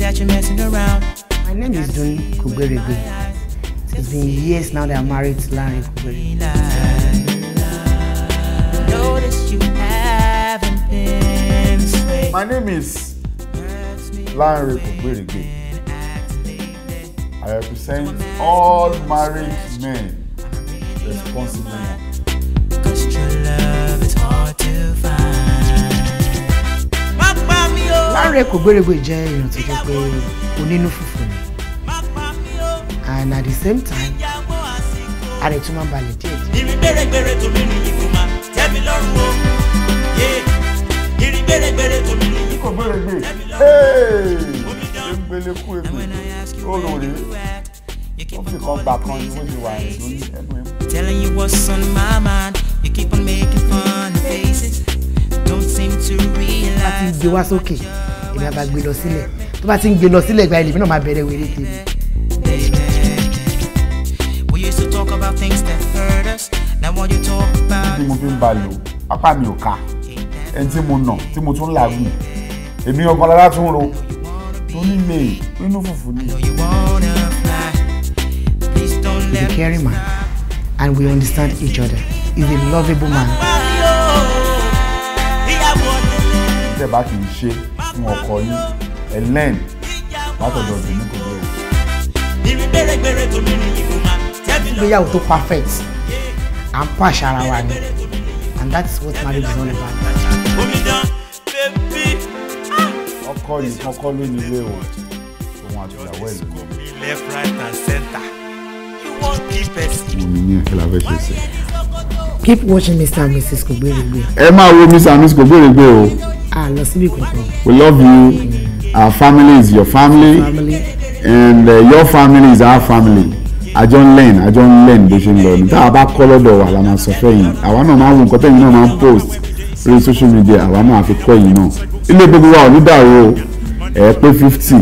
that you're messing around. My name is Dun Kugberigbe. It's been years now that I'm married to Larry Kugberigbe. My name is Larry Kugberigbe. I represent all married men responsible Lánrẹ́ Kògbèrègbè jẹ́ èèyàn tó jẹ́ pé onínú fùfù ni and at the same time ààrẹ tún máa ń balẹ̀ díẹ̀. Irin gbèrègbèrè tó mi nìyí kò máa tẹ́ mi lọ́rùn o. Irin gbèrègbèrè tó mi nìyí kò máa tẹ́ mi lọ́rùn o. Egbele kú egbele, ó lò rí. Ó fi kan gbà kan ni wọ́n ti wà ẹ̀ lórí ẹnu ẹ̀. Telling you what's on my mind, you keep on making fun faces bá ti gbé wá sókè èmi àbá gbé lọ sílẹ̀ tó bá ti ń gbé lọ sílẹ̀ gba ẹlẹ́mi náà máa bẹ̀rẹ̀ wèrè tèmi. bí mo fi ń ba lò apá mi ò ká ẹni tí mo nà tí mo tún làágùn èmi ọkàn lára tún ro tó ní lè nínú fùfú ni. He's a caring man and we understand each other. He's a lovable man. tẹ́ bá kì í ṣe fún ọkọ yín ẹlẹ́n látọ̀dọ̀ bìnní kò lóye. ìgbéyàwó tó perfect à ń pa àṣà ara wa ni and that is what marriage is all about. ọkọ nìkan kọ́ ló ní ilé o òun àti ìyàwó ẹ̀ ló ní. mo ní ní ẹ̀kẹ́ la fẹ́ ṣe sí. keep watching mr and mrs kogberegbe. ẹ máa wo mr and mrs kogberegbe o. Ah, lọ síbi kankan. we love you our family is your family, family. and uh, your family is our family àjọ ń lẹ́yìn àjọ ń lẹ́yìn bó ṣe ń lọ ní tá a bá kọ́ lọ́dọ̀ wa la máa sọ fẹ́yìn àwa náà máa wo nǹkan tẹ́yìn náà máa ń post lórí social media àwa náà àfi kọ́ yìí náà ilé gbogbo wa ò ní dàrú o ẹ̀ pé fifty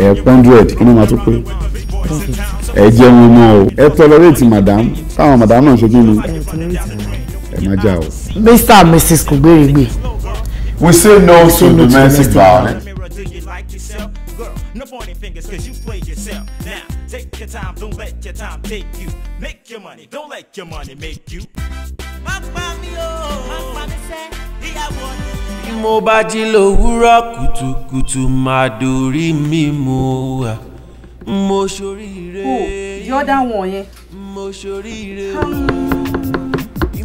ẹ̀ hundred kí ni màá tún pé ẹ jẹun mọ́ o ẹ tolerate madam táwọn madam náà ṣe kí ni ẹ má jà o. mr and mrs kò gbèrègbè. We say no we say to no domestic, domestic violence. No pointing fingers, cause you played yourself. Now, take your time, don't let your time take you. Make your money, don't let your money make you. Mo bá jí lówùúrọ̀ kùtùkùtù máa dorí mi mo wà. Mo ṣoríire. O oh, yọ̀dá wọn yẹn. Mo ṣoríire.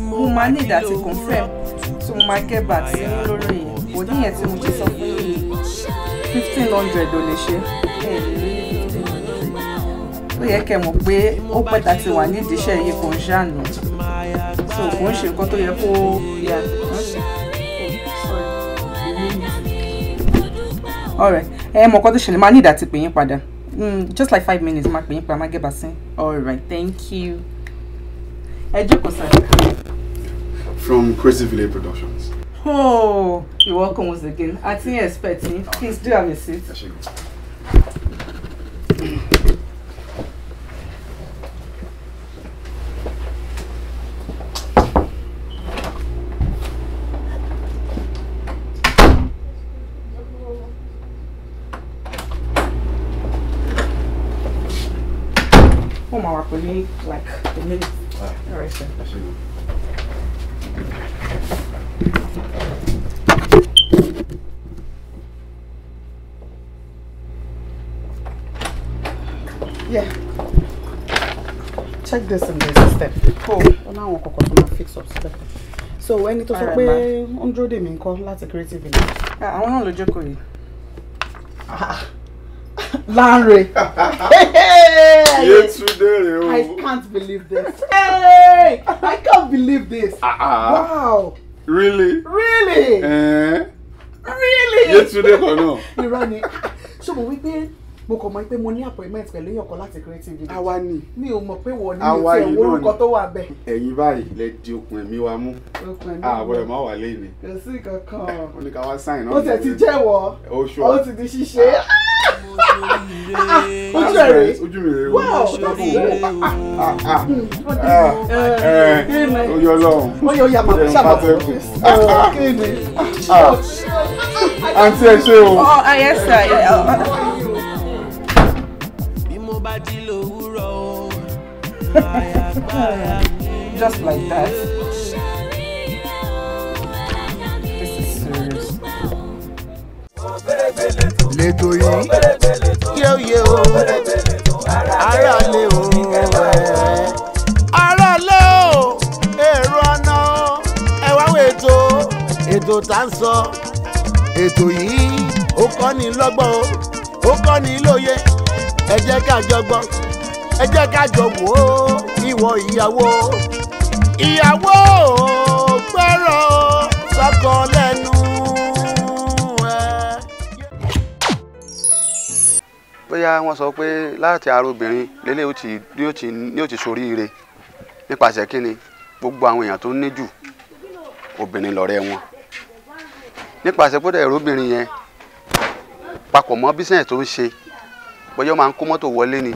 Mo máa ní ìdá ti confirm. So máa get back lórí kò ní yẹn tí mo ti sọ fún yìí fifteen hundred ò lè ṣe ó yẹ kẹ́ mọ̀ pé ó pẹ́ta ti wà nídìí iṣẹ́ yìí kò ń ṣàánú so ń ṣe nǹkan tó yẹ kó yà alright ẹ mọ̀ nǹkan tó ṣẹlẹ̀ máa ní ìdàtí pè yín padà hmm, just like five minutes máa pè yín padà máa gé basin alright thank you ẹ jókòó sáré. from Crazy Village Productions. Oh, you're welcome once again. I didn't expect you. Please do have a seat. Home hour for like the minute. Alright, sir. Yeah. Check this in this step. Oh, now I'm going to fix up system. So when it was pé ó ń dúró dè mí nǹkan láti creative village. Ah, àwọn náà ló jókòó yìí. Lanre. Yetunde re o. I can't believe this. Hey! I can't believe this. Uh -uh. Wow. Really? Really? Eh? Really? Yetunde kan náà. Irọ́ ni. Ṣé mo wí pé mo kàn mọ̀ pé mo ní appointment pẹ̀lú èèyàn kan láti creative village. àwa ni mi ò mọ̀ pé wọ́n ní mi ti ẹ̀wọ́ orúkọ tó wà bẹ́ẹ̀. ẹ̀yin báyìí lẹ di okùn ẹ̀mí wa mú. okùn ẹ̀mí wa mú àbọ̀rẹ̀ má wà lẹ́yìn. kò sí kankan. ó ní ká wá sáìn náà. ó tẹ̀ ti jẹ́wọ́ ó ti di ṣíṣe. Ah! ojú ẹ̀ rèé ojú mi rèé wọ́n ṣòrí rèé ah, ah, mm, o. Eh, eh, eh, ojú ọlọ́run. ó yọ yàmà ṣàbàtà kí ni. àǹtí ẹ ṣe o. ọ̀ oh, ayẹ́sà oh jí lówùrọ̀ o Just like that. This is serious. lẹ́tọ̀ yìí yóò yẹ o ara lè o ara lè o èrò ọ̀nà ẹ̀wá wo ètò ètò tá ń sọ ètò yìí ó kọ́ ni lọ́gbọ́n ó kọ́ ni lóye ẹ jẹ́ ká jọ ẹ jẹ́ ká jọ ìwọ ìyàwó ìyàwó gbọ́rọ̀ sọ́kọ lẹ́nu. bóyá wọ́n sọ pé láti ara obìnrin lélẹ̀ ni ti ṣoríire nípasẹ̀ kínni gbogbo àwọn èèyàn tó ní jù obìnrin lọ́rẹ́ wọn nípasẹ̀ pé ẹ̀rọ obìnrin yẹn papọ̀ mọ́ bísíǹsì tó ń ṣe bóyá ó máa ń kó mọ́tò wọlé ni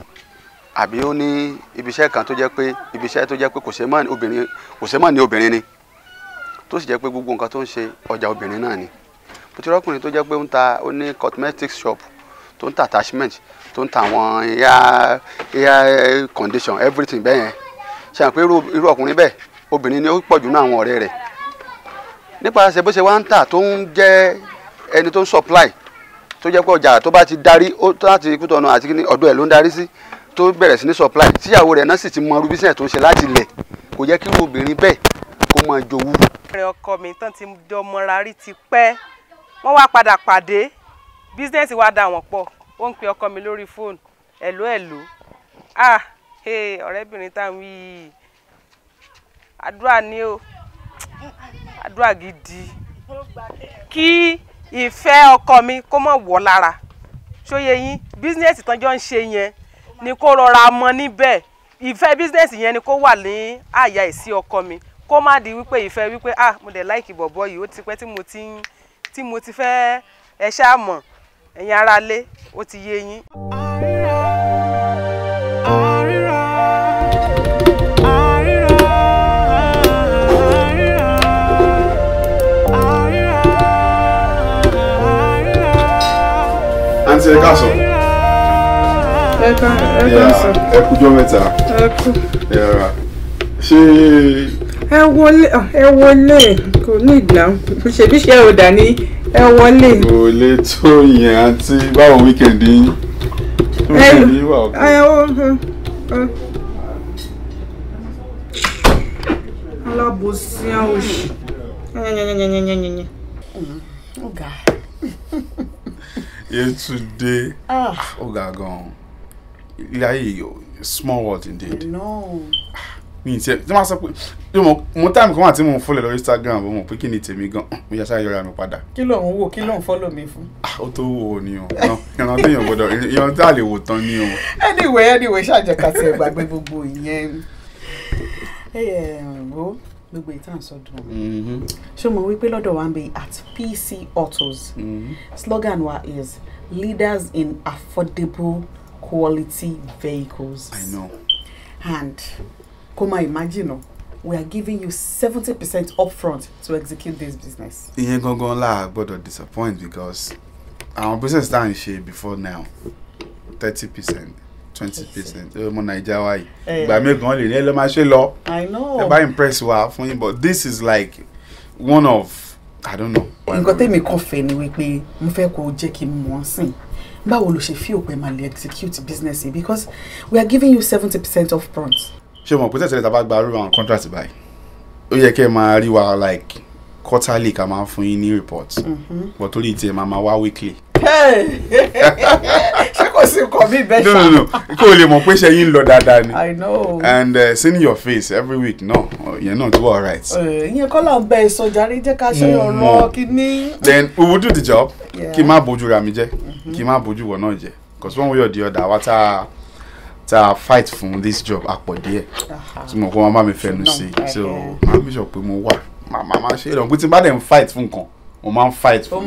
àbí ó ní ibiṣẹ́ kan tó jẹ́ pé ibiṣẹ́ tó jẹ́ pé kò sẹ́mọ̀ ní obìnrin ni tó sì jẹ́ pé gbogbo nǹkan tó ń ṣe ọjà obìnrin náà ni bó ti rọ́kùnrin tó jẹ́ pé ó ń ta ó ní cosmetics shop tó ń ta attachment tó ń ta àwọn air air condition everything bẹ́ẹ̀ yẹn ṣe àpé irú ọkùnrin bẹ́ẹ̀ obìnrin ni ó pọ̀jù náà àwọn ọ̀rẹ́ rẹ̀ nípasẹ̀ bó ṣe wá ń tà tó ń jẹ́ ẹni tó ń supply tó jẹ́ pé ọjà tó bá ti darí láti kútọ̀nù àti kíní ọ̀dọ̀ ẹ̀ ló ń darí sí tó bẹ̀rẹ̀ sí ní supply tíyàwó rẹ̀ náà sì ti mọ irú bísíǹsì tó ń ṣe láti lẹ̀ kò jẹ́ kí obìnrin bẹ́ẹ̀ kó máa jowú. ọ̀rẹ́ ọkọ mi tán ti jọ mọra rí ti pẹ́ wọ́n wá padà pàdé bísíǹsì wa dà wọ́n pọ̀ ó ń pe ọkọ mi lórí fóònù ẹ̀ló ẹ̀ló ah ọ̀rẹ́bìnrin tá yìí àdúrà ni o àdúrà gidi kí ìfẹ́ ọkọ mi kó mọ̀ wọ́ lára ṣóye yín bísínẹ́sì tán jọ ń ṣe yẹn ni kó rọra mọ níbẹ̀ ìfẹ́ bísínẹ́sì yẹn ni kó wà ní àyà ìsí ọkọ mi kó má di wípé ìfẹ́ wípé ah mo dẹ̀ láìkì bọ̀bọ̀ yìí ó ti pẹ́ tí mo ti ń tí mo ti fẹ́ ẹ ṣáà mọ̀ ẹ̀yin aráalé ó ti yé yín. ẹ káàsán. ẹ káàsán. ẹ kújọ́ mẹ́ta. ẹ kú. ẹ ra ṣé. ẹ wọlé ẹ wọlé kò ní ìgbà ṣèbí ṣe ò dà ní ẹ wọlé. kò lè tó yẹn àti báwo wíkẹ̀ndì yín. wíkẹ̀ndì yín wà alábòsí àwọn Yesterday, Ah. Ó ga gan-an. Ilé small world indeed. No. Mi ti ẹ̀ tí wọ́n sọ pé yóò mọ̀ mo táàmì kan wà tí mo ń fọ́lẹ̀ lọ Instagram mo mọ̀ pé kí ni tèmi gan mo yà sáré yọra mi padà. Kí ló ń wò kí ló ń fọ́lọ̀ mi fún? Ah, ó tó wò ó ni o. Ìran tó yàn gbọdọ̀ ìran tá a wò tán ni o. Anyway anyway ṣàjẹkàtì ẹ̀ gbàgbé gbogbo ìyẹn. Ẹ ẹ̀ wò ó gbogbo ìtàn sọdún ọmọ mm-hmm. ṣé o mọ̀ wípé lọ́dọ̀ wa ń bẹ at PC Autos mm-hmm. slogan wa is leaders in affordable quality vehicles. I know. And koma imagine o we are giving you seventy percent upfront to execute this business. ìyẹn gangan la gbọ́dọ̀ disappoint because our business tá à ń ṣe before now thirty percent twenty percent ọmọ naija wa yìí ìgbà mẹ́gàn lè ní ẹ lọ́ máa ṣe lọ ẹ bá impress wa fún yín but this is like one of i don't know. nǹkan tẹ́mi kọ́ fẹ́ ni wípé mo fẹ́ kó jẹ́ kí n mọ̀ ọ́ sìn báwo ló ṣe fi òpin máa execute business yìí because we are giving you seventy percent off front. ṣé o mọ̀ pé tẹ̀sílẹ̀ tá a bá gba rúbà àwọn contract báyìí ó yẹ kẹ́ ẹ máa rí wa like quarterly ká máa fún yín ní report mm-hmm. but torí tiẹ̀ máa máa wá weekly. ṣé kò sí nǹkan mi bẹ́ẹ̀ ṣá. no no no kó o lè mọ̀ pé ṣe yín lọ dáadáa ni. i know. and uh, seeing your face every week náà uh, ìyẹn náà tó wà alright. ìyẹn kọ́ là ń bẹ ìsọjàre jẹ́ ká ṣe mm-hmm. ọ̀rọ̀ kínní. then we will do the job kí n má bójú ra mi jẹ́ mm-hmm. kí n má bójú wọ̀ náà jẹ́ because one way or the other wa tá a fight fún this job àpọ̀ díẹ̀ tí mo kọ́ wọn bá mi fẹnu sí eh, so máa bí sọ pé mo wà màmá máa ṣe é lọ pé tí n bá dẹ̀ fight fún nǹkan mo máa ń fight fún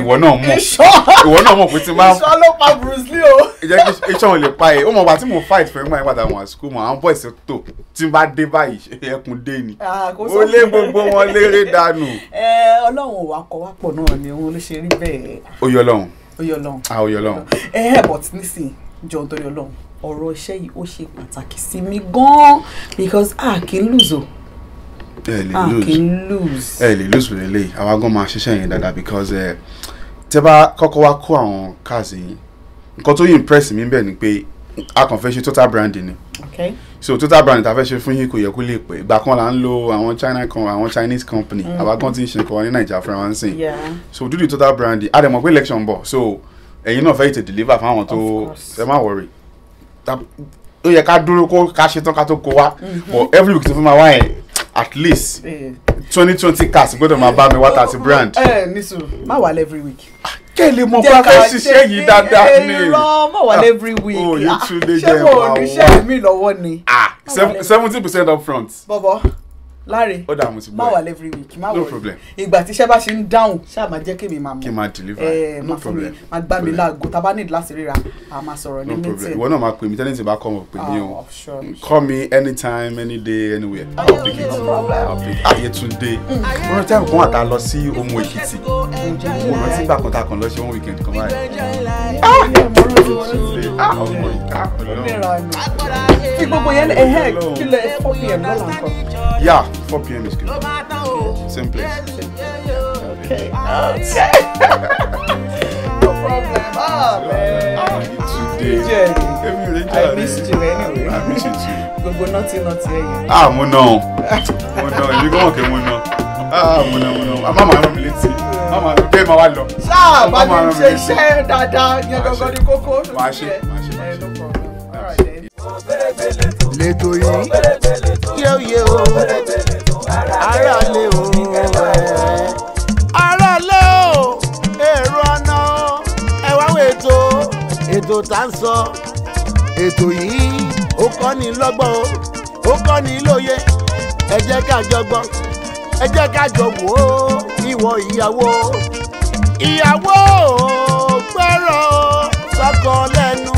ìwọ náà mọ̀ ìwọ náà mọ̀ pé tí máa ìṣọ́ ló pa Bruce Lee o jẹ́ kí iṣan ò lè pa ẹ̀ ó mọ̀ bá tí mo fight for fún ẹgbẹ́ ìpàdé àwọn àsìkò mọ̀ àwọn boys tó tí n bá dé báyìí ẹkùn dé ni ah, ó lé gbogbo wọn léré dànù. Ọlọ́run ò wá kọ́ wá pọ̀ náà ni òun ló ṣe rí bẹ́ẹ̀. oyè Ọlọ́run oyè Ọlọ́run ah oyè Ọlọ́run. ẹ ẹ but nísìnyí jọ nítorí Ọlọ́run ọ̀rọ̀ iṣẹ́ yìí ó ṣe pàtàkì sí mi gan-an because ah kì ẹ lè ah, lose ẹ lè lose really. lè àwa gan máa ṣiṣẹ́ yẹn dáadáa because eh, ẹ tẹ bá kọ́kọ́ wá kó àwọn cars yìí nǹkan tó yìí impress mi bẹ́ẹ̀ ni pé a kàn fẹ́ ṣe total branding ni okay. so total branding ta fẹ́ ṣe fún yín kò yẹ kó lè pẹ́ ìgbà kan là ń lo àwọn china kan àwọn chinese company mm. àwa kan ti ń ṣe nǹkan wa ní nàìjíríà fúnra wọn sìn so do the total branding a dẹ̀ mọ̀ pé election bọ̀ so ẹ̀yin náà fẹ́ ètè deliver fáwọn tó ẹ má worry ó yẹ ká dúró kó ká ṣetán ká tó kó wá mm-hmm. but every week tó fún ma wá yẹn at least eh. twenty twenty cars gbọ́dọ̀ máa bá mi wá tàti brand. ẹ ní sùn má wà lẹ́ every week. kẹ́ ẹ lè mọ bá fẹ́ ṣiṣẹ́ yìí dáadáa ni. irọ́ mọ̀ wà lẹ́ ah, every week. o yìí tún lè jẹ́ ìwà wọn. ṣé mo ò ní ṣe mí lọ́wọ́ ni. Ah, seventy percent up front. bọ́bọ́ láre ó dà mo ti gbọ́ má wà every week má wà yìí ìgbà tí iṣẹ́ bá ṣe ń dáhùn ṣáà máa jẹ́ kémi máa mọ̀ kí máa deliver eh, no problem máa gbá mi láago tá a bá need láti ríra a máa sọ̀rọ̀ ní meeting ìwọ náà máa pè mí tẹ́lẹ̀ tí bá kọ́ mọ̀ pè mí o oh, call me anytime any day anywhere I'll pick it I'll pick it Ayétúndé mm. mo rántí àwọn kan àtà lọ sí Òmù Èkìtì mo rántí ìgbà kan tá a kàn lọ sí one weekend kan báyìí ah! ah, oh kí gbogbo yẹn ẹ̀hẹ́ kí lè fọ́ pm lọ́la nǹkan. Yeah, 4 p.m. is good. Same place. Okay. Okay. no problem. Oh, man. Oh, today. I miss you anyway. I miss you too. Gbogbo nọtí nọtí ẹ̀yẹ. Ah, mo nà ọ́. Mo nà ọ́. Èmi gbọ́n kẹ́ mo nà Ah, mo nà mo nà ọ́. Àmọ́ màá rán mi létí. Màá máa bẹ́ẹ̀ máa wá lọ. Ṣáà bá mi ṣe iṣẹ́ dáadáa yẹn gangan ní kókó. Màá ṣe lẹ́tọ̀ yìí yé o yé o ara lé o ara lé o èrò ọ̀nà ẹ wá wo ètò ètò tá ń sọ ètò yìí ó kọ́ ni lọ́gbọ́n ó kọ́ ni lóye ẹ jẹ́ ká jọ gbọ́ ẹ jẹ́ ká jọ wò ó ìyàwó ìyàwó gbọ́rọ̀ sọ́kọ lẹ́nu.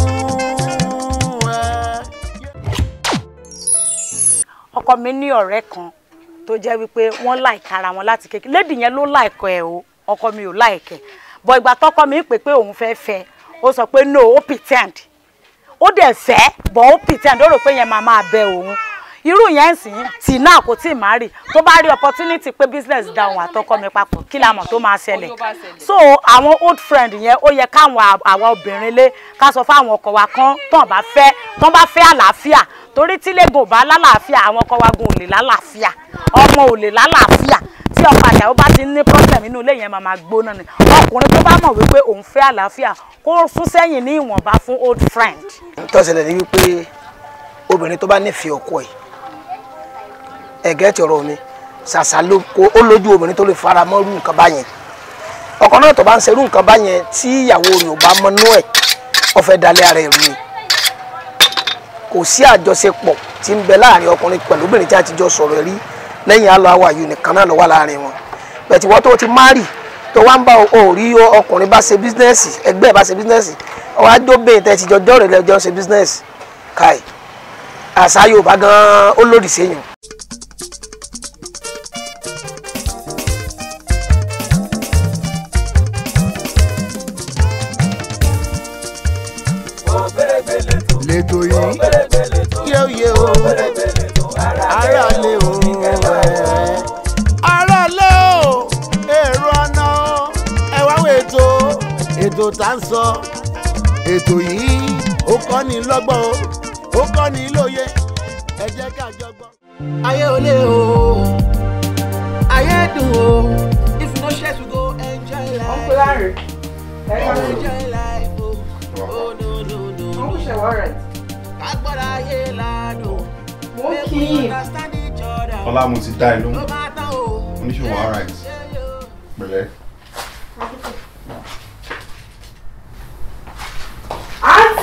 ọkọ mi ní ọ̀rẹ́ kan tó jẹ́ wípé wọ́n láìka ara wọn láti kékeré lédi yẹn ló láìkọ ẹ̀ o ọkọ mi ò láìkẹ́ bọ̀ ìgbà tọkọ mi pè pé òun fẹ́ fẹ́ ó sọ pé no ó pretend ó dẹ̀ fẹ́ bọ̀ ó pretend ó rò pé yẹn máa máa bẹ òun irú yẹn ń sìn tì náà kò tí ì má rì tó bá rí opportunity pé business da òun àtọkọ mi papọ̀ kí la mọ̀ tó máa ṣẹlẹ̀ so àwọn old friend yẹn ó yẹ káwọn àwa obìnrin lé ká sọ fáwọn ọkọ wa kan tán bá fẹ́ tán bá fẹ́ àlàáfíà torí tílégùn bá lálàáfíà àwọn ọkọ wagun ò lè lálàáfíà ọmọ ò lè lálàáfíà tí ọkọ àyàwó bá ti ní problem inú ilé yẹn máa máa gbóná ni ọkùnrin tó bá mọ̀ wípé òun fẹ́ àlàáfíà kó sún sẹ́yìn ní ìwọ̀nba fún old friend. tọ́sílẹ̀ ni wípé obìnrin tó bá nífẹ̀ẹ́ ọkọ ẹ̀ ẹ̀gẹ́ ti ọ̀rọ̀ mi ṣàṣà ló kó ó lójú obìnrin tó lè fara mọ́ irú nǹkan báyẹn ọkọ náà tó bá ń ṣerú nǹkan báyẹn tí ìyàwó rẹ̀ ò bá mọ́nú ẹ̀ ó fẹ́ ara ẹ̀ rú ni kò sí àjọṣepọ̀ tí ń bẹ láàrin ọkùnrin pẹ̀lú obìnrin tí a ti jọ sọ̀rọ̀ rí lẹ́yìn àlọ́ àwà yìí nìkan náà ló wà láàrin wọn bẹ̀tì wọ́n tó ti márì tó wá ń bá òrí ọkùnrin bá ṣe bísínẹ́sì ẹgbẹ́ ẹ̀ bá ṣe bísínẹ́sì ọwọ́ adóbẹ̀yìn tẹ́ ti jọ jọ́rẹ̀ lẹ́jọ́ ṣe bísínẹ́sì káì àṣà Yorùbá gan ó lòdì séyìn. ètò yìí ó kọ́ni lọ́gbọ́n ó kọ́ni lóye ẹ jẹ́ ká jọ gbọ́. ayé olè o ayé dùn o if no share to go enjoy life. uncle larry ẹ ká ló enjoy life o oh, o no no no. uncle ṣe wọ́rẹ̀. agbára ayé ládùn. mo kì í. ọlá mo ti dá ẹ lóhùn oníṣòwò all right.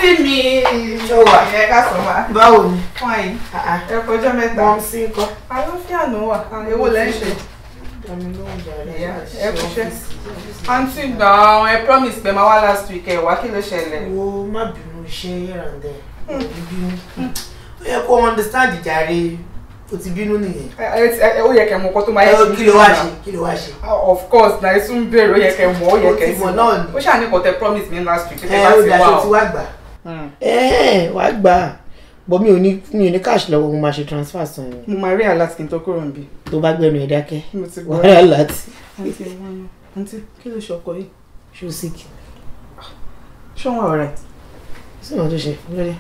àǹtí mi ẹ ká sọ wá. báwo ni. wọ́n yìí ah, ah. ẹ kọjọ́ mẹ́ta. wọ́n sí kọ́. àlọ́fíà ló wà ewo lẹ́sẹ̀. ẹ kò ṣe. àǹtí gbà ọ́n ẹ promise pé máa wá last week ẹ wá kí ló ṣẹlẹ̀. wo má bínú iṣẹ́ here and there bínú ó yẹ kó understand jàre o ti bínú nìyẹn. ó yẹ kẹ́ mọ̀ kó tó máa yẹ kí kí ló wá ṣe kí ló wá ṣe. Ah, of course na esun bẹ̀rẹ̀ ó yẹ kẹ́ mọ̀ ó yẹ kẹ́ sí mọ̀ ó ṣàní tẹ promise me last week. ẹ ó dàṣọ tí wàá gbà. Ah. Eh, wà á gbà bọ́ mi ò ní mi ò ní cash lọ́wọ́ mo máa ṣe transfer san yẹn. mo máa rí alert kí n tó kúrò níbí. tó bá gbẹnu ẹ dákẹ́ wàá alert. àǹtí àǹtí kí ló ṣe ọkọ yìí. ṣé o sick. ṣé wọn ọ̀rẹ́. sí ìwọ̀n tó ṣe lọ́dẹ.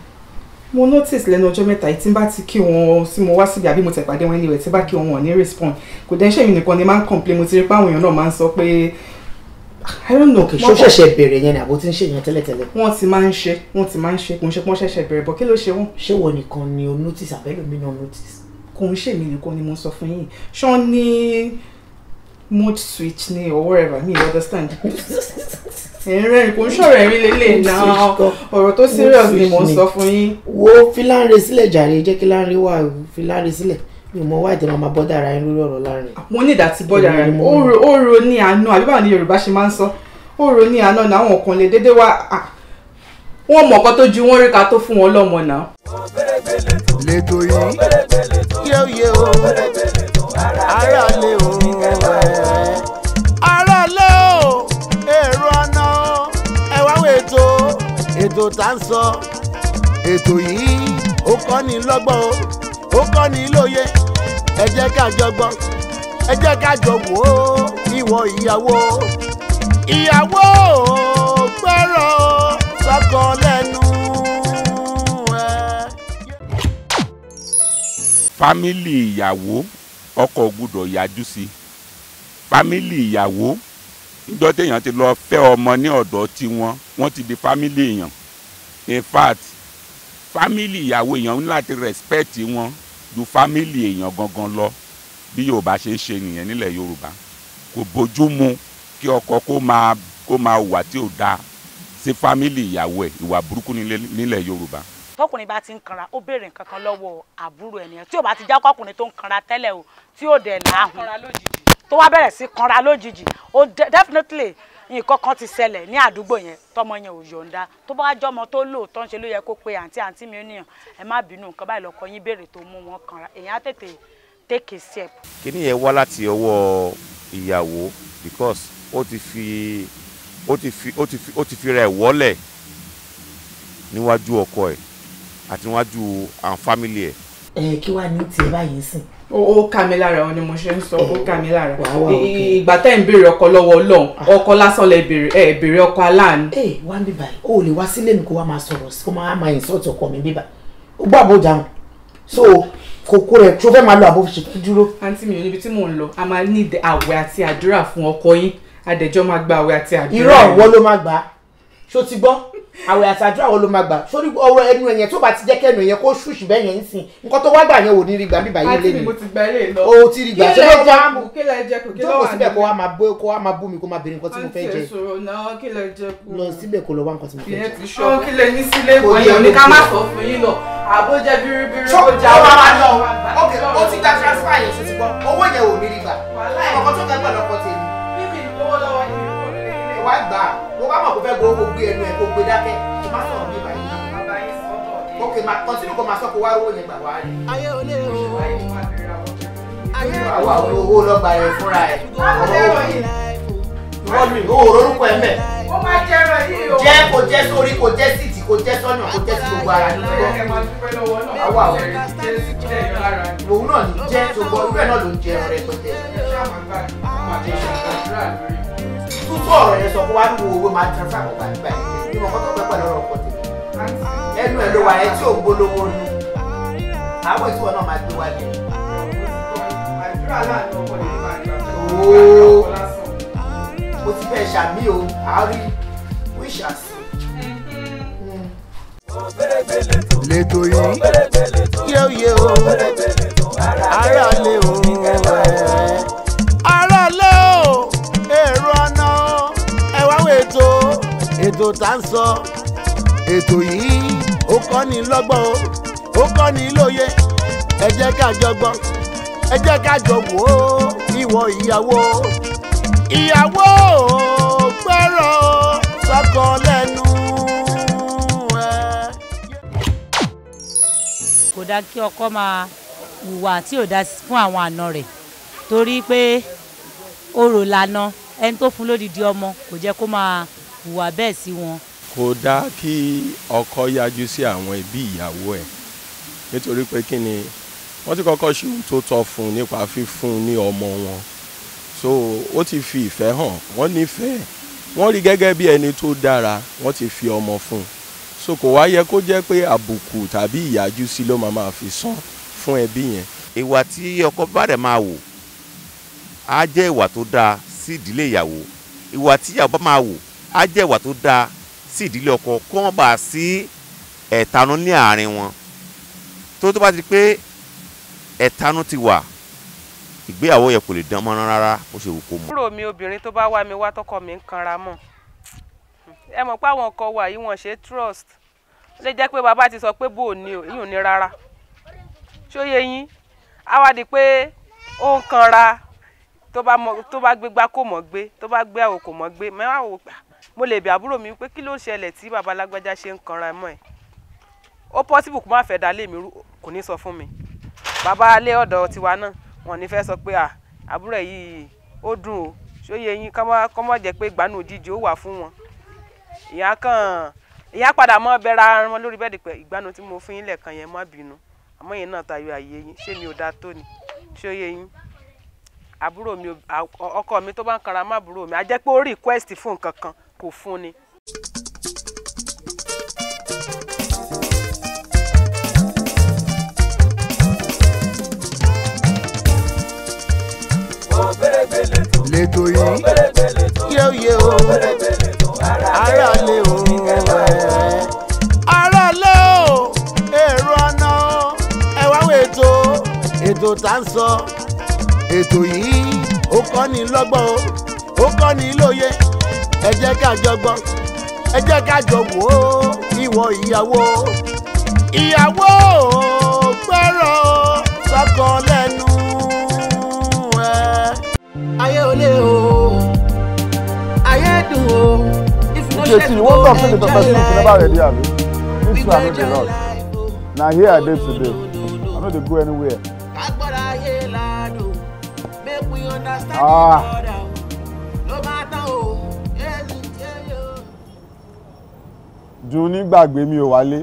mo notice lẹ́nu ọjọ́ mẹ́ta yìí tí n bá ti kí wọn tí mo wá síbi àbí mo tẹ̀ pàdé wọn anyway tí n bá kí wọn wọn ò ní respond kò dẹ́ṣẹ́ mi nìkan ni máa ń complain mo ti rí pé àwọn èèyàn náà máa ń sọ pé I don't know kì í ṣó ṣẹ̀ṣẹ̀ bẹ̀rẹ̀ yẹn ni àbó tí ń ṣe yẹn tẹ́lẹ̀tẹ́lẹ̀. wọ́n ti máa ń ṣe wọ́n ti máa ń ṣe kò ń ṣe pọ́n ṣẹ̀ṣẹ̀ bẹ̀rẹ̀ bọ̀ kí ló ṣe wọ́n. ṣé wọ nìkan ni o notice àbẹ́lòmí náà notice. kò ń ṣèmi nìkan ni mo sọ fún yín ṣán ní mood switch ni or whatever me understand ẹ̀rẹ́ kò ń sọ̀rọ̀ ẹ̀rín lélẹ̀ náà ọ̀rọ̀ tó serious ni mò sọ fún yín. wo filanre sílẹ̀ jàre jẹ́ kí lanre wà filanre sílẹ̀ mi mọ wáìdì máa máa bọ́dà ara yín lórí ọ̀rọ̀ láàrin. mo ní ìdàtí bọ́dà ara yín ó ro ní àánú àbí báwo ni yorùbá ṣe máa ń sọ ó ro ní àánú náà àwọn kan lè déédéé wá wọn mọ̀ ọ̀kan tó ju wọn rí tó fún wọn lọ́mọ náà. lẹ́tò yìí kí ó yẹ o ara lè o ara lè o èrò ọ̀nà ẹ̀wá wo ètò ètò tá à ń sọ ètò yìí ó kọ́ ni lọ́gbọ́n o ó kọ́ ni lóye ẹ jẹ́ ká jọ gbọ́ ẹ jẹ́ ká jọ wò ó ìwọ ìyàwó ìyàwó gbọ́rọ̀ sọ́kọ lẹ́nu. fámìlì ìyàwó ọkọ gbọ́dọ̀ yájú sí fámìlì ìyàwó níjọ́ téèyàn ti lọ fẹ́ ọmọ ní ọ̀dọ̀ tiwọn wọ́n ti di fámìlì èèyàn in fact fámìlì ìyàwó èèyàn ní láti respect wọn ju fámìlì èèyàn gangan lọ bí yorùbá ṣe ń ṣe nìyẹn nílẹ̀ yorùbá kò bójú mu kí ọkọ kó máa kó máa hùwà tí ò dáa sí fámìlì ìyàwó ẹ̀ ìwà burúkú nílẹ̀ yorùbá tọkùnrin bá ti ń kanra ó béèrè nǹkan kan lọ́wọ́ àbúrò ẹ̀ tí ò bá ti jákọ́ ọkùnrin tó ń kanra tẹ́lẹ̀ o tí ò dẹ̀ láhùn tó wá bẹ̀rẹ̀ sí kanra lójijì ó definitely nǹkan kan ti ṣẹlẹ̀ ní àdúgbò yẹn tọmọ yẹn ò yọ̀ǹda tó bá jọmọ tó lóòótọ́ ń ṣe ló yẹ kó pe àǹtí àǹtí mi oníyàn ẹ má bínú nǹkan báyìí lọkọ yín béèrè tó mú wọn kanra èèyàn á tètè take a step. kíní yẹn wá láti ọwọ́ ìyàwó because ó ti fi ó ti fi ó ti fi ó ti fi ra ẹ̀ wọ́lẹ̀ níwájú ọkọ ẹ̀ àti níwájú àwọn fámìlì ẹ̀. ẹ kí wàá ní tiẹ̀ báyìí sìn ó kà mí lára òun ni mo ṣe ń sọ ó kà mí lára ìgbà tá ẹ̀ ń béèrè ọkọ lọ́wọ́ ọlọ́run ah. ọkọ lásán lẹ béèrè ẹ béèrè ọkọ aláàánú. ẹ wá ń bíbá yìí o ò lè wá sílé mi kó wá máa sọ̀rọ̀ sí kó máa máa insult ọkọ mi bíbá ó gbọ́ àbò dáhùn so kòkó rẹ̀ tó fẹ́ máa lo àbò ṣètò dúró. àǹtí mi ò níbi tí mò ń lọ a máa ní àwẹ̀ àti àdúrà fún ọkọ yín adẹ̀jọ́ máa gba àwẹ̀ àti àdúrà. irọ́ ọ̀wọ́ ló máa gbà á ṣó ti gbọ́ àwẹ̀ àtàdúrà wo ló máa gbà sórí ọ̀rọ̀ ẹnu ẹ̀yẹn tó bá ti jẹ́ kẹ́nu ẹ̀yẹn kó ṣùṣì bẹ́ẹ̀ yẹn ń sìn nǹkan tó wá gbà yẹn wò ní rí gbà bíbá yẹn lé ni o ti rí gbà ṣé ló já jókòó síbẹ̀ kó wá máa bó kó wá máa bú mi kó máa béèrè nǹkan tí mo fẹ́ jẹ lọ síbẹ̀ kó lọ wá nǹkan tí mo fẹ́ jẹ. Oh, kí lè ní sílé ìwòyàn ní ká má sọ fún yín lọ àbójẹ biribiri ó já wá wá lọ. ok ó ti gba transfer yẹn ṣe ti gbọ́ owó yẹn ò ní rí gbà bá mọ̀ kó fẹ́ gbowó kó gbé ẹnu ẹ̀ kó gbé dákẹ́ kó má sọ̀rọ̀ bí báyìí náà. ok ma continue kó ma sọ kó wá owó yẹn gbà wá rí. ayé ò lè o àwọn àwọn owó lọ́gba rẹ̀ fúnra ẹ̀ ìwọ mi ò rorúkọ ẹ̀ mẹ́. ó máa jẹ́ ẹ̀rọ yìí o. jẹ́ kò jẹ́ sórí kò jẹ́ síìtì kò jẹ́ sọ́nà kò jẹ́ sí gbogbo ara ní gbọ́. àwa ò rẹ̀ òun náà ní jẹ́ tó gbọ́ irú ẹ̀ náà ló ń jẹ ọ̀rẹ́ pẹ̀tẹ́ tún bọ̀ ọ̀rọ̀ yẹn sọ kó wá ní owó máa transfer àwọn bàbá báyìí ní wọn kọ́ tó pẹ́ pẹ̀lú ọ̀rọ̀ pọ̀tì ẹnu ẹ̀ ló wà ẹ tí ò ń gbólówó nu àwọn ètò ọ̀nà máa gbé wálé. mo ti fẹ́ ṣàmì o àárí wíṣà sí. lẹ́tọ̀ yìí yẹ́ yẹ́ o ara tá ń sọ ètò yìí ó kọ́ ni lọ́gbọ́n ó kọ́ ni lóye ẹ jẹ́ ká jọ ẹ jẹ́ ká jọ ìwọ ìyàwó ìyàwó gbọ́rọ̀ sọ́kọ lẹ́nu. kò dáa kí ọkọ máa hùwà tí ò dáa fún àwọn àna rẹ̀ torí pé orò lànà ẹni tó fún lódìdí ọmọ kò jẹ́ kó máa hùwà bẹ́ẹ̀ sí wọn. kò dáa kí ọkọ yájú sí àwọn ẹbí ìyàwó ẹ̀ nítorí pé kí ni wọ́n ti kọ́kọ́ ṣe ohun tó tọ́ fún un nípa fífún un ní ọmọ wọn so ó ti fi ìfẹ́ hàn wọ́n nífẹ̀ẹ́ wọ́n rí gẹ́gẹ́ bí ẹni tó dára wọ́n ti fi ọmọ fún un so kò wá yẹ kó jẹ́ pé àbùkù tàbí ìyájú sí ló máa máa fi san fún ẹbí yẹn. ìwà tí ọkọ bá rẹ̀ máa wò á jẹ́ ìwà tó dáa sí ìdílé ìyàwó ìwà tí ìyàwó bá máa wò á jẹ́ ìwà tó dáa sí ìdílé ọkọ kó wọ́n bá sí ẹ̀tanú ní àárín wọn tó tó bá ti pé ẹ̀tanú ti wà ìgbéyàwó yẹ kò lè dán mọ́ná rárá ó ṣe wù kó mọ́. kúrò mi obìnrin tó bá wá mi wá tọkọ mi ń kanra mọ́ ẹ mọ̀ pé àwọn ọkọ wa yìí wọ́n ṣe trust ó lè jẹ́ pé bàbá ti sọ pé bò ní o yìí ò ní rárá ṣó yẹ yín á wá di pé ó ń kanra tó bá gbégbá kò mọ̀ gbé tó bá gbé àwò mọ̀ gbé mẹ́wàá wò pa mo lè bẹ àbúrò mi pé kí ló ṣẹlẹ̀ tí bàbá alágbájá ṣe ń kanra ẹ̀ mọ́ ẹ̀ ó pọ́sibù kó má fẹ́ dalé mi kò ní sọ fún mi bàbá alẹ́ ọ̀dọ̀ tiwa náà wọn ní fẹ́ sọ pé à àbúrò ẹ̀ yìí ó dùn o ṣó yẹ yín kọ́ mọ́ jẹ́ pé ìgbàanù òjijì ó wà fún wọn ìyá kan ìyá padà mọ́ bẹ́ra wọn lórí bẹ́ẹ̀dì pé ìgbàanù tí mo fún yín lẹ́ẹ̀kan yẹn má bínú àmọ́ yẹn náà tayọ àyè yín ṣé mi ò dáa tó ni ṣó yẹ yín àbúrò mi ọkọ mi tó bá ń kanra má àbúrò mi á jẹ́ pé request fún nǹkan kan kò fún ni. lẹ́tọ̀ yìí yóò yẹ o ara lè o ara lè o èrò ọ̀nà ẹ̀wá wo ètò ètò tá ń sọ ètò yìí ó kọ́ ni lọ́gbọ́n ó kọ́ ni lóye ẹ jẹ́ ká jọ gbọ́ ẹ jẹ́ ká jọ wò ó ìwọ ìyàwó ìyàwó gbọ́rọ̀ sọ́kọ lẹ́nu ẹ. ayé olè o ayé dùn o ìfúnṣẹ́ tó o lè jẹ́ láì o we go jẹ́ láì o. na here i dey today i no dey go anywhere. agbára ayé ládùn make we understand. Ah. ju nígbàgbé mi ò wálé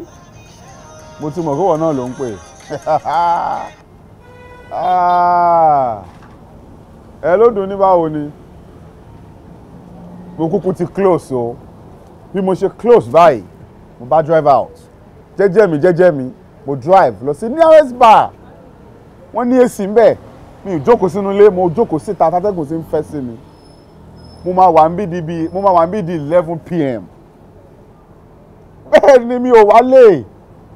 mo ti mọ̀ kó wọ̀ náà ló ń pè ẹ lódùn ní báwo ni mo kúkú ti close o bí mo ṣe close báyìí mo bá drive out jẹ́jẹ́ mi jẹ́jẹ́ mi mo drive lọ sí nearest bar wọ́n ní èsì ń bẹ̀ mi ò jókòó sínú ilé mo jókòó síta atátẹ́gùn sí ń fẹ́ sí mi mo máa wà ń bí di eleven pm bẹ́ẹ̀ ni mi ò wálé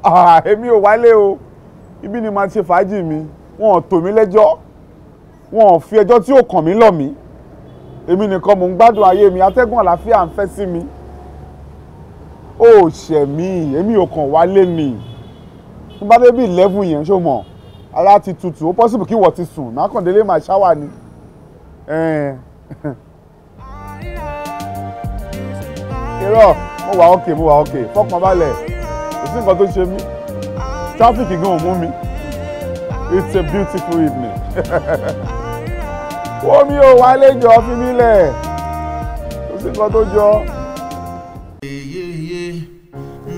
ah, èmi ò wálé o ibi ni màá ṣe fàájì mi wọn ò tò mí lẹ́jọ́ wọn ò fi ẹjọ́ tí ò kàn mí lọ̀ mí èmi nìkan mò ń gbádùn ayé mi atẹ́gùn àlàáfíà ń fẹ́ sí mi ó ṣẹ̀ mí èmi ò kàn wálé ni tó bá dé bí eleven yẹn ṣó mọ̀ ara ti tutù ó possible kí wọ́n ti sùn mákàndínlé máa ṣáwà ni. irọ́ mo wà okay mo wà okay fọkàn balẹ̀ kò sí nǹkan tó ṣe mí tráfíkì gan ò mú mi it's a beautiful evening wọ́n mi ò wálé jọ fi mí lẹ̀ kò sí nǹkan tó jọ.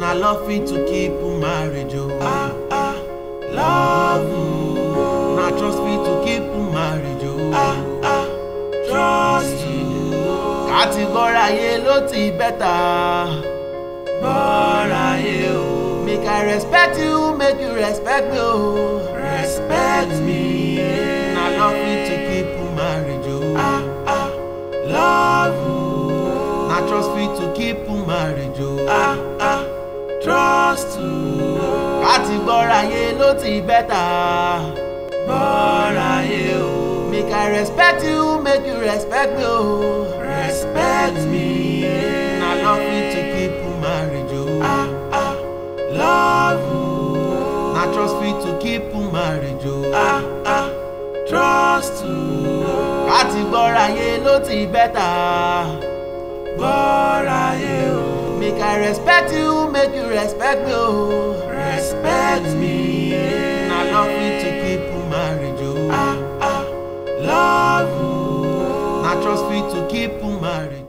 na loving to keep marriage o. Oh. Ah, ah, love. Oh. na trust me to keep marriage o. Oh. Ah, ah, trust àti gbọ́ráyé ló ti bẹ́tà. gbọ́ráyé o. make i respect you make you respect me o. respect me. na love me to keep marriage o. ah ah love o. na trust me to keep marriage o. ah ah trust o. àti gbọ́ráyé ló ti bẹ́tà. gbọ́ráyé o. make i respect you make you respect me o. to keep marriage o. Oh. ah ah trust you. àti gbọ́ráyé ló ti bẹ́tà. gbọ́ráyé o. make I respect you make you respect me o. Oh. respect me. na love me to keep marriage o. Oh. ah ah love you. na trust me to keep marriage.